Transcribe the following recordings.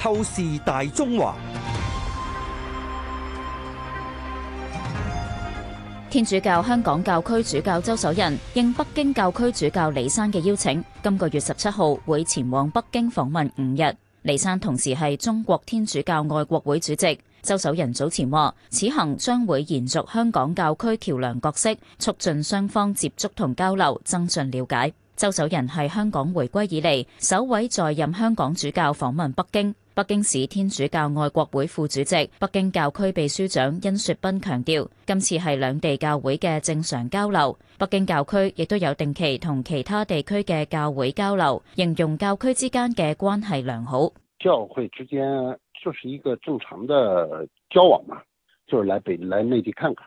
透視大中華，天主教香港教區主教周守仁應北京教區主教李山嘅邀請，今個月十七號會前往北京訪問五日。李山同時係中國天主教愛國會主席。周守仁早前話，此行將會延續香港教區橋樑角色，促進雙方接觸同交流，增進了解。周守仁係香港回歸以嚟首位在任香港主教訪問北京。北京市天主教愛國會副主席、北京教區秘書長甄雪斌強調，今次係兩地教會嘅正常交流。北京教區亦都有定期同其他地區嘅教會交流，形容教區之間嘅關係良好。教會之間就是一個正常的交往嘛，就是來北來內地看看。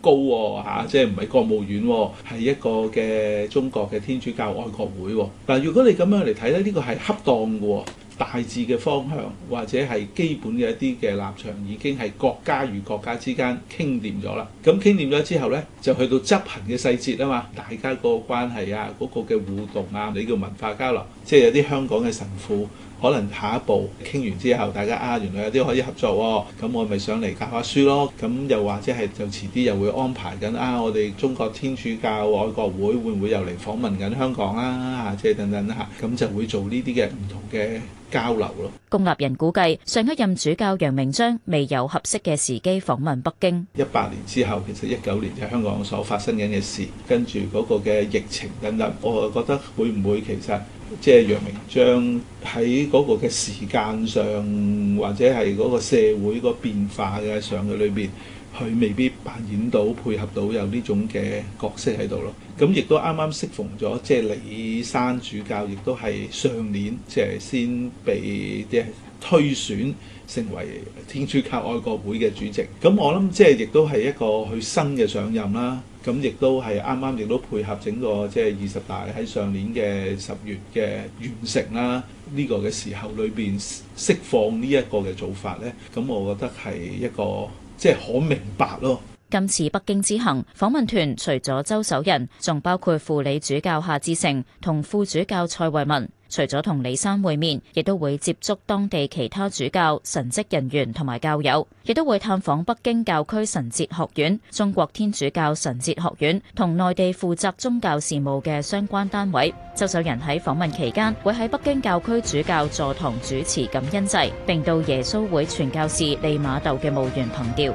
高喎、啊啊、即係唔係國務院、啊，係一個嘅中國嘅天主教愛國會、啊。嗱、啊，如果你咁樣嚟睇咧，呢、呢個係恰當喎、啊，大致嘅方向或者係基本嘅一啲嘅立場已經係國家與國家之間傾掂咗啦。咁傾掂咗之後呢，就去到執行嘅細節啊嘛，大家個關係啊，嗰、嗰個嘅互動啊，你叫文化交流，即係有啲香港嘅神父。可能下一步傾完之後，大家啊，原來有啲可以合作喎、哦，咁我咪上嚟教下書咯。咁又或者係就遲啲又會安排緊啊，我哋中國天主教愛國會會唔會又嚟訪問緊香港啊？啊，即係等等啦，咁就會做呢啲嘅唔同嘅交流咯。龔立人估計，上一任主教楊鳴章未有合適嘅時機訪問北京。一八年之後，其實一九年就香港所發生緊嘅事，跟住嗰個嘅疫情等等，我覺得會唔會其實？即係楊鳴章喺嗰個嘅時間上，或者係嗰個社會個變化嘅上嘅裏邊，佢未必扮演到配合到有呢種嘅角色喺度咯。咁亦都啱啱適逢咗，即係李山主教亦都係上年即係先被即係推選成為天主教愛國會嘅主席。咁我諗即係亦都係一個佢新嘅上任啦。咁亦都係啱啱，亦都配合整個即係二十大喺上年嘅十月嘅完成啦，呢個嘅時候裏面釋放呢一個嘅做法咧，咁我覺得係一個即係、就是、可明白咯。今次北京之行訪問團除，除咗周守仁，仲包括輔理主教夏志誠同副主教蔡惠文。除咗同李山會面，亦都會接觸當地其他主教、神職人員同埋教友，亦都會探訪北京教區神哲學院、中國天主教神哲學院同內地負責宗教事務嘅相關單位。周守仁喺訪問期間，會喺北京教區主教座堂主持感恩祭，並到耶穌會傳教士利馬竇嘅墓園憑吊。